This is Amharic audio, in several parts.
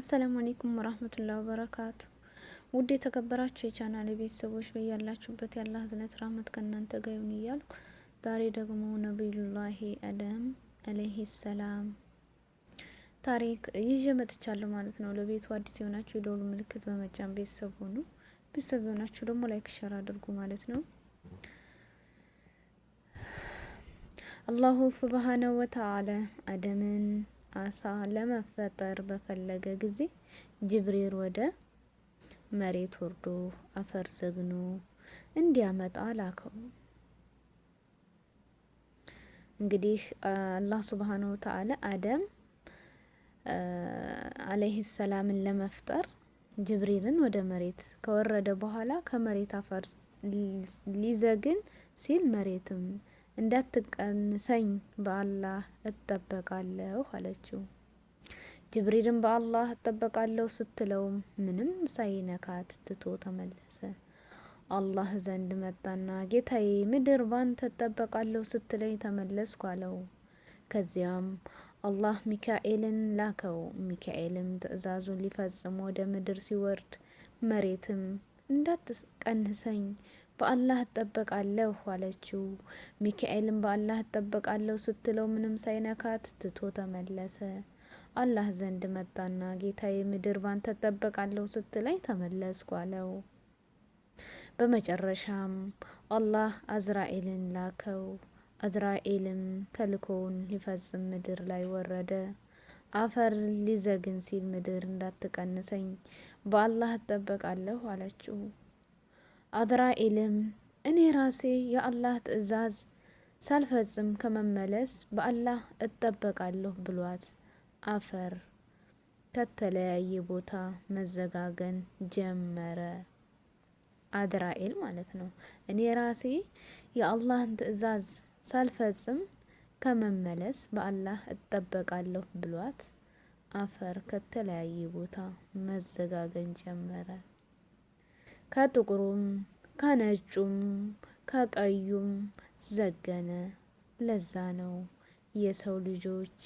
አሰላሙ አሌይኩም ወራህመቱላሂ ወበረካቱ። ውድ የተከበራችሁ የቻናል ቤተሰቦች በያላችሁበት ያለ ህዝነት ራህመት ከእናንተ ጋር ይሁን እያልኩ ዛሬ ደግሞ ነቢዩላሂ አደም አለይሂ ሰላም ታሪክ ይዤ መጥቻለሁ ማለት ነው። ለቤቱ አዲስ የሆናችሁ የደውሉ ምልክት በመጫን ቤተሰብ ሆኑ። ቤተሰብ የሆናችሁ ደግሞ ላይክ ሸር አድርጉ ማለት ነው። አላሁ ሱብሃነሁ ወተዓላ አደምን አሳ ለመፈጠር በፈለገ ጊዜ ጅብሪል ወደ መሬት ወርዶ አፈር ዘግኖ እንዲያመጣ ላከው። እንግዲህ አላህ ሱብሃነሁ ወተዓላ አደም አለይሂ ሰላምን ለመፍጠር ጅብሪልን ወደ መሬት ከወረደ በኋላ ከመሬት አፈር ሊዘግን ሲል መሬትም እንዳትቀንሰኝ በአላህ እጠበቃለሁ አለችው። ጅብሪልን በአላህ እጠበቃለሁ ስትለውም ምንም ሳይነካት ትቶ ተመለሰ። አላህ ዘንድ መጣና ጌታዬ ምድር ባንተ እጠበቃለሁ ስትለኝ ተመለስኩ አለው። ከዚያም አላህ ሚካኤልን ላከው። ሚካኤልም ትዕዛዙን ሊፈጽም ወደ ምድር ሲወርድ መሬትም እንዳትቀንሰኝ በአላህ እጠበቃለሁ አለችው። ሚካኤልም በአላህ እጠበቃለሁ ስትለው ምንም ሳይነካት ትቶ ተመለሰ። አላህ ዘንድ መጣና ጌታዬ ምድር ባንተ እጠበቃለሁ ስትለኝ ተመለስኩ አለው። በመጨረሻም አላህ አዝራኤልን ላከው። አዝራኤልም ተልኮውን ሊፈጽም ምድር ላይ ወረደ። አፈር ሊዘግን ሲል ምድር እንዳትቀንሰኝ በአላህ እጠበቃለሁ አለችው። አዝራኤልም እኔ ራሴ የአላህ ትእዛዝ ሳልፈጽም ከመመለስ በአላህ እጠበቃለሁ ብሏት አፈር ከተለያየ ቦታ መዘጋገን ጀመረ። አድራኤል ማለት ነው። እኔ ራሴ የአላህን ትእዛዝ ሳልፈጽም ከመመለስ በአላህ እጠበቃለሁ ብሏት አፈር ከተለያየ ቦታ መዘጋገን ጀመረ። ከጥቁሩም ከነጩም ከቀዩም ዘገነ። ለዛ ነው የሰው ልጆች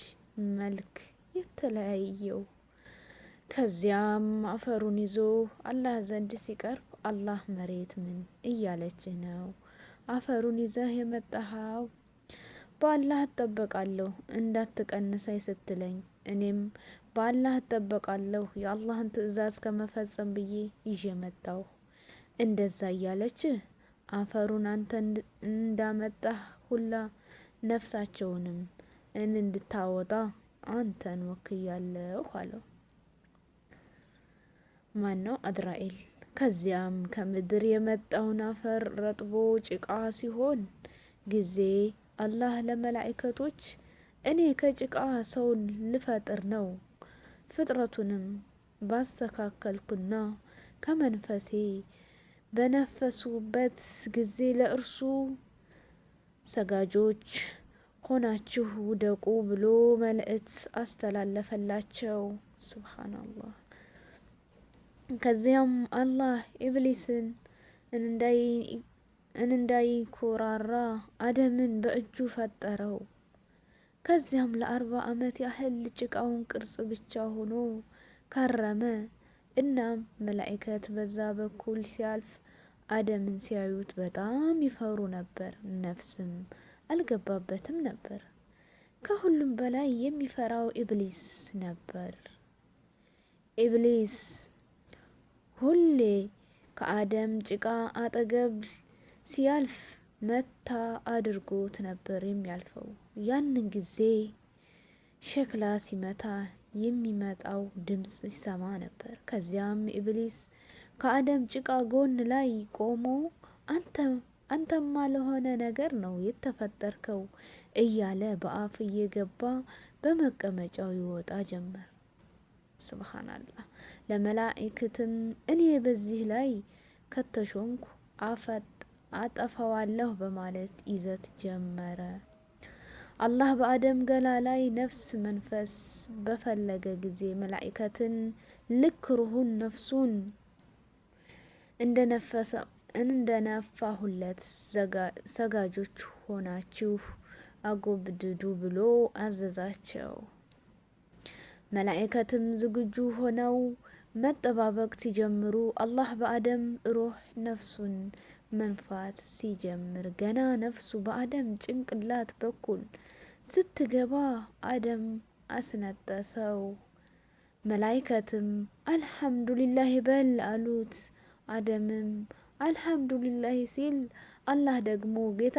መልክ የተለያየው። ከዚያም አፈሩን ይዞ አላህ ዘንድ ሲቀርብ አላህ መሬት ምን እያለችህ ነው? አፈሩን ይዘህ የመጣኸው በአላህ እጠበቃለሁ እንዳትቀንሰኝ ስትለኝ እኔም በአላህ እጠበቃለሁ የአላህን ትዕዛዝ ከመፈጸም ብዬ ይዤ መጣሁ። እንደዛ እያለች አፈሩን አንተ እንዳመጣ ሁላ ነፍሳቸውንም እን እንድታወጣ አንተን ወክያለሁ አለው። ማን ነው? አድራኤል። ከዚያም ከምድር የመጣውን አፈር ረጥቦ ጭቃ ሲሆን ጊዜ አላህ ለመላእክቶች እኔ ከጭቃ ሰውን ልፈጥር ነው ፍጥረቱንም ባስተካከልኩና ከመንፈሴ በነፈሱበት ጊዜ ለእርሱ ሰጋጆች ሆናችሁ ውደቁ ብሎ መልእክት አስተላለፈላቸው። ሱብሃናላህ። ከዚያም አላህ ኢብሊስን እንዳይኮራራ አደምን በእጁ ፈጠረው። ከዚያም ለአርባ ዓመት ያህል ጭቃውን ቅርጽ ብቻ ሆኖ ከረመ። እናም መላእክት በዛ በኩል ሲያልፍ አደምን ሲያዩት በጣም ይፈሩ ነበር። ነፍስም አልገባበትም ነበር። ከሁሉም በላይ የሚፈራው ኢብሊስ ነበር። ኢብሊስ ሁሌ ከአደም ጭቃ አጠገብ ሲያልፍ መታ አድርጎት ነበር የሚያልፈው። ያንን ጊዜ ሸክላ ሲመታ የሚመጣው ድምፅ ይሰማ ነበር። ከዚያም ኢብሊስ ከአደም ጭቃ ጎን ላይ ቆሞ አንተማ ለሆነ ነገር ነው የተፈጠርከው እያለ በአፍ እየገባ በመቀመጫው ይወጣ ጀመር። ስብሓናላህ ለመላእክትም እኔ በዚህ ላይ ከተሾንኩ አፈጥ አጠፋዋለሁ በማለት ይዘት ጀመረ። አላህ በአደም ገላ ላይ ነፍስ መንፈስ በፈለገ ጊዜ መላእከትን ልክ ሩሁን ነፍሱን እንደነፋሁለት ሰጋጆች ሆናችሁ አጎብድዱ ብሎ አዘዛቸው። መላእክትም ዝግጁ ሆነው መጠባበቅ ሲጀምሩ አላህ በአደም ሩህ ነፍሱን መንፋት ሲጀምር ገና ነፍሱ በአደም ጭንቅላት በኩል ስትገባ አደም አስነጠሰው። መላይከትም አልሐምዱሊላህ በል አሉት። አደምም አልሐምዱሊላህ ሲል አላህ ደግሞ ጌታ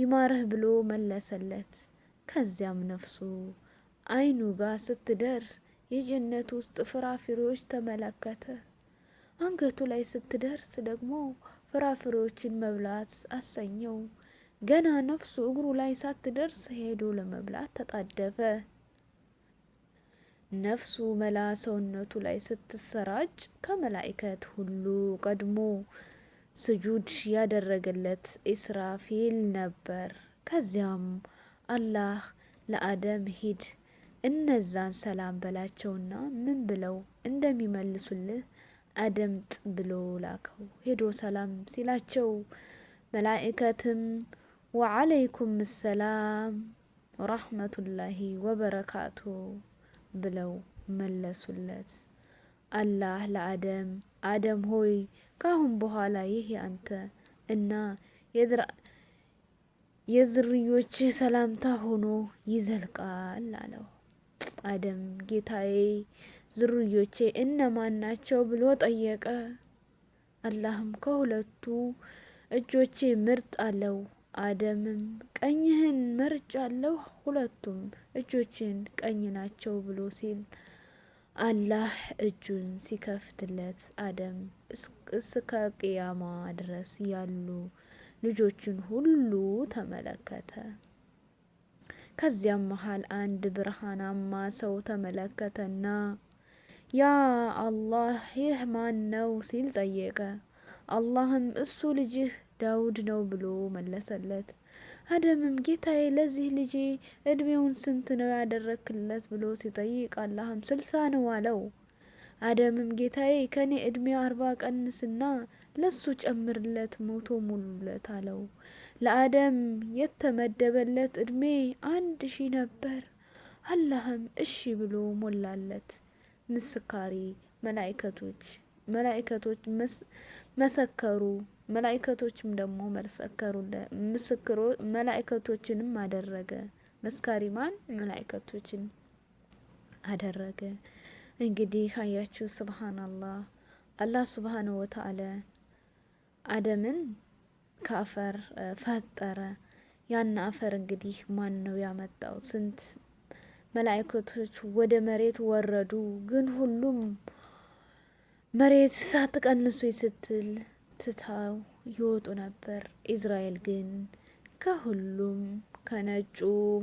ይማርህ ብሎ መለሰለት። ከዚያም ነፍሱ አይኑ ጋር ስትደርስ የጀነት ውስጥ ፍራፍሬዎች ተመለከተ። አንገቱ ላይ ስትደርስ ደግሞ ፍራፍሬዎችን መብላት አሰኘው። ገና ነፍሱ እግሩ ላይ ሳትደርስ ሄዶ ለመብላት ተጣደፈ። ነፍሱ መላ ሰውነቱ ላይ ስትሰራጭ ከመላእከት ሁሉ ቀድሞ ስጁድ ያደረገለት ኢስራፊል ነበር። ከዚያም አላህ ለአደም ሂድ እነዛን ሰላም በላቸውና ምን ብለው እንደሚመልሱልህ አደምጥ ብሎ ላከው። ሄዶ ሰላም ሲላቸው መላእከትም ወዓለይኩም ሰላም ወራህመቱላሂ ወበረካቱ ብለው መለሱለት። አላህ ለአደም አደም ሆይ ካሁን በኋላ ይህ አንተ እና የዝርዮች ሰላምታ ሆኖ ይዘልቃል አለው። አደም ጌታዬ ዝርዮቼ እነማን ናቸው ብሎ ጠየቀ። አላህም ከሁለቱ እጆቼ ምርጥ አለው። አደምም ቀኝህን መርጫለሁ፣ ሁለቱም እጆችን ቀኝ ናቸው ብሎ ሲል አላህ እጁን ሲከፍትለት አደም እስከ ቅያማ ድረስ ያሉ ልጆችን ሁሉ ተመለከተ። ከዚያም መሃል አንድ ብርሃናማ ሰው ተመለከተና ያ አላህ ይህ ማን ነው ሲል ጠየቀ። አላህም እሱ ልጅህ ዳውድ ነው ብሎ መለሰለት። አደምም ጌታዬ ለዚህ ልጄ እድሜውን ስንት ነው ያደረክለት ብሎ ሲጠይቅ አላህም ስልሳ ነው አለው። አደምም ጌታዬ ከኔ እድሜ አርባ ቀንስና ለሱ ጨምርለት ሞቶ ሙሉለት አለው። ለአደም የተመደበለት እድሜ አንድ ሺ ነበር። አላህም እሺ ብሎ ሞላለት። ምስካሪ መላእክቶች መላእክቶች መሰከሩ። መላእክቶችም ደግሞ መሰከሩለት። ምስክሮ መላእክቶችንም አደረገ። ማን መላእክቶችን አደረገ። እንግዲህ አያችሁ፣ ሱብሃንአላህ አላህ ሱብሃነ ወተዓላ አደምን ከአፈር ፈጠረ። ያን አፈር እንግዲህ ማን ነው ያመጣው? ስንት መላእክቶች ወደ መሬት ወረዱ፣ ግን ሁሉም መሬት ሳትቀንሱ ስትል ትታው ይወጡ ነበር። ኢዝራኤል ግን ከሁሉም ከነጩም፣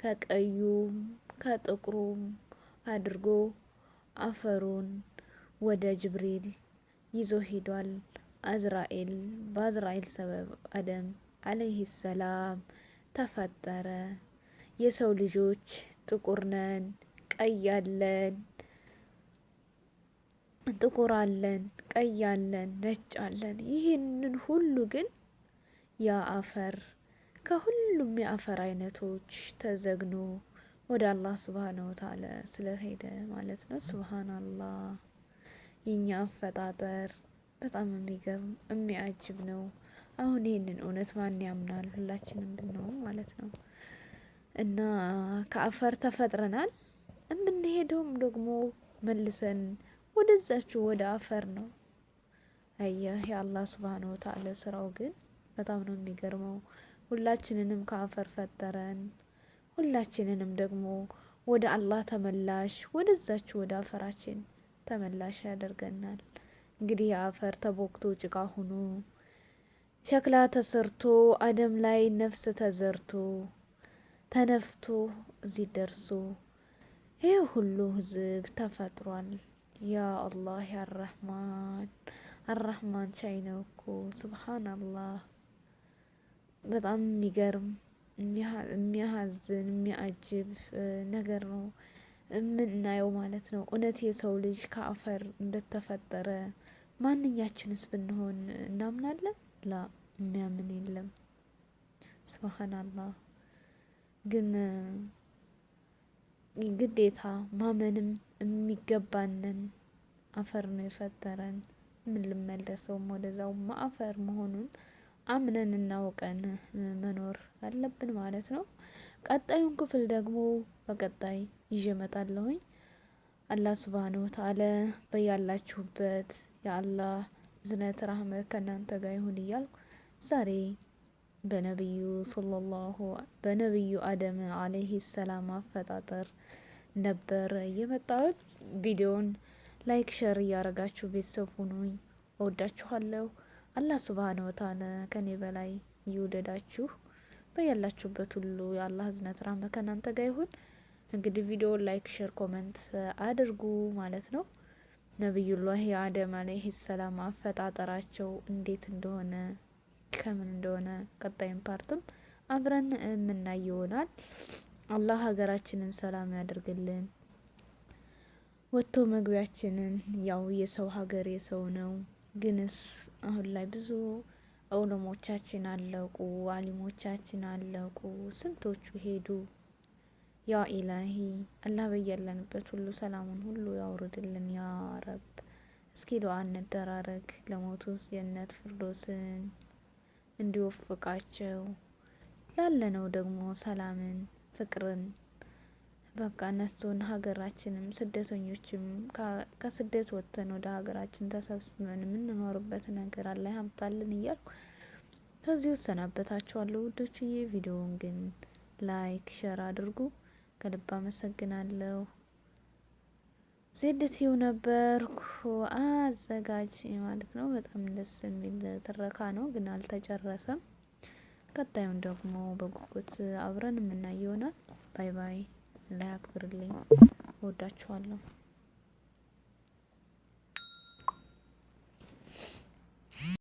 ከቀዩም፣ ከጥቁሩም አድርጎ አፈሩን ወደ ጅብሪል ይዞ ሄዷል። አዝራኤል በአዝራኤል ሰበብ አደም አለይህ ሰላም ተፈጠረ። የሰው ልጆች ጥቁር ነን፣ ቀይ አለን ጥቁር አለን፣ ቀይ አለን፣ ነጭ አለን። ይህንን ሁሉ ግን ያ አፈር ከሁሉም የአፈር አይነቶች ተዘግኖ ወደ አላህ ስብሃነ ወተዓላ ስለሄደ ማለት ነው። አላህ የኛ አፈጣጠር በጣም የሚገርም የሚያጅብ ነው። አሁን ይህንን እውነት ማን ያምናል? ሁላችንም ብንሆን ማለት ነው እና ከአፈር ተፈጥረናል። የምንሄደውም ደግሞ መልሰን ወደዛችሁ ወደ አፈር ነው። አየህ የአላህ ስብሃነ ወተዓላ ስራው ግን በጣም ነው የሚገርመው። ሁላችንንም ከአፈር ፈጠረን። ሁላችንንም ደግሞ ወደ አላህ ተመላሽ ወደዛችሁ ወደ አፈራችን ተመላሽ ያደርገናል። እንግዲህ የአፈር ተቦክቶ ጭቃ ሁኖ ሸክላ ተሰርቶ አደም ላይ ነፍስ ተዘርቶ ተነፍቶ እዚህ ደርሶ ይህ ሁሉ ህዝብ ተፈጥሯል። ያ አላህ ያረህማን አረህማን ቻይ ነው እኮ ስብሓን አላህ። በጣም የሚገርም የሚያሳዝን የሚያጅብ ነገር ነው የምናየው ማለት ነው። እውነት የሰው ልጅ ከአፈር እንደተፈጠረ ማንኛችንስ ብንሆን እናምናለን? ላ የሚያምን የለም። ስብሓን አላህ ግን ግዴታ ማመንም የሚገባንን አፈር ነው የፈጠረን። የምንመለሰው ወደዛው ማአፈር መሆኑን አምነን እናውቀን መኖር አለብን ማለት ነው። ቀጣዩን ክፍል ደግሞ በቀጣይ ይዤ እመጣለሁኝ። አላህ ሱብሃነሁ ወተዓላ በያላችሁበት የአላህ እዝነት ራህመት ከእናንተ ጋር ይሁን እያልኩ ዛሬ በነቢዩ ሶለላሁ በነቢዩ አደም አለይሂ ሰላም አፈጣጠር ነበር የመጣሁት። ቪዲዮን ላይክ፣ ሸር እያረጋችሁ ቤተሰብ ሁኑኝ። እወዳችኋለሁ። አላህ ሱብሃነ ወተዓላ ከኔ በላይ ይውደዳችሁ። በያላችሁበት ሁሉ የአላህ እዝነት ራህመ ከእናንተ ጋር ይሁን። እንግዲህ ቪዲዮ ላይክ፣ ሼር፣ ኮመንት አድርጉ ማለት ነው። ነቢዩላህ አደም አለይሂ ሰላም አፈጣጠራቸው እንዴት እንደሆነ ከምን እንደሆነ ቀጣይም ፓርትም አብረን የምናይ ይሆናል። አላህ ሀገራችንን ሰላም ያደርግልን። ወጥቶ መግቢያችንን ያው የሰው ሀገር የሰው ነው። ግንስ አሁን ላይ ብዙ ኡለሞቻችን አለቁ፣ አሊሞቻችን አለቁ፣ ስንቶቹ ሄዱ። ያ ኢላሂ አላህ በያለንበት ሁሉ ሰላሙን ሁሉ ያውርድልን ያ ረብ። እስኪ ዱአ እንደራረግ ለሞቱ ጀነት ፍርዶስን እንዲወፍቃቸው ላለነው ደግሞ ሰላምን ፍቅርን በቃ እነሱን ሀገራችንም ስደተኞችም ከስደት ወጥተን ወደ ሀገራችን ተሰብስበን የምንኖርበት ነገር አለ ያምጣልን እያልኩ ከዚህ እሰናበታችኋለሁ ውዶችዬ። ቪዲዮውን ግን ላይክ፣ ሸር አድርጉ። ከልብ አመሰግናለሁ። ዜድቲው ነበርኩ አዘጋጅ ማለት ነው። በጣም ደስ የሚል ትረካ ነው፣ ግን አልተጨረሰም። ቀጣዩን ደግሞ በጉጉት አብረን የምናየው ይሆናል። ባይ ባይ። ላይ አክብርልኝ። ወዳችኋለሁ።